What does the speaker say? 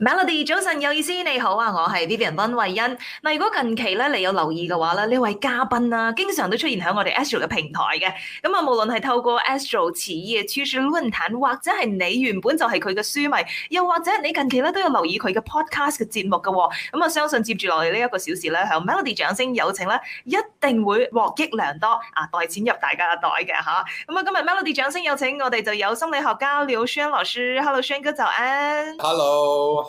Melody 早晨，有意思你好啊，我係 Vivian 溫慧欣。嗱，如果近期咧你有留意嘅話咧，呢位嘉賓啊，經常都出現喺我哋 Astro 嘅平台嘅。咁啊，無論係透過 Astro 詞義嘅專屬論壇，或者係你原本就係佢嘅書迷，又或者你近期咧都有留意佢嘅 Podcast 嘅節目嘅。咁啊，相信接住落嚟呢一個小時咧，喺 Melody 掌聲有請咧，一定會獲益良多啊，袋錢入大家嘅袋嘅吓。咁啊，今日 Melody 掌聲有請我哋就有心理學家劉軒老師。Hello 軒哥早安。Hello。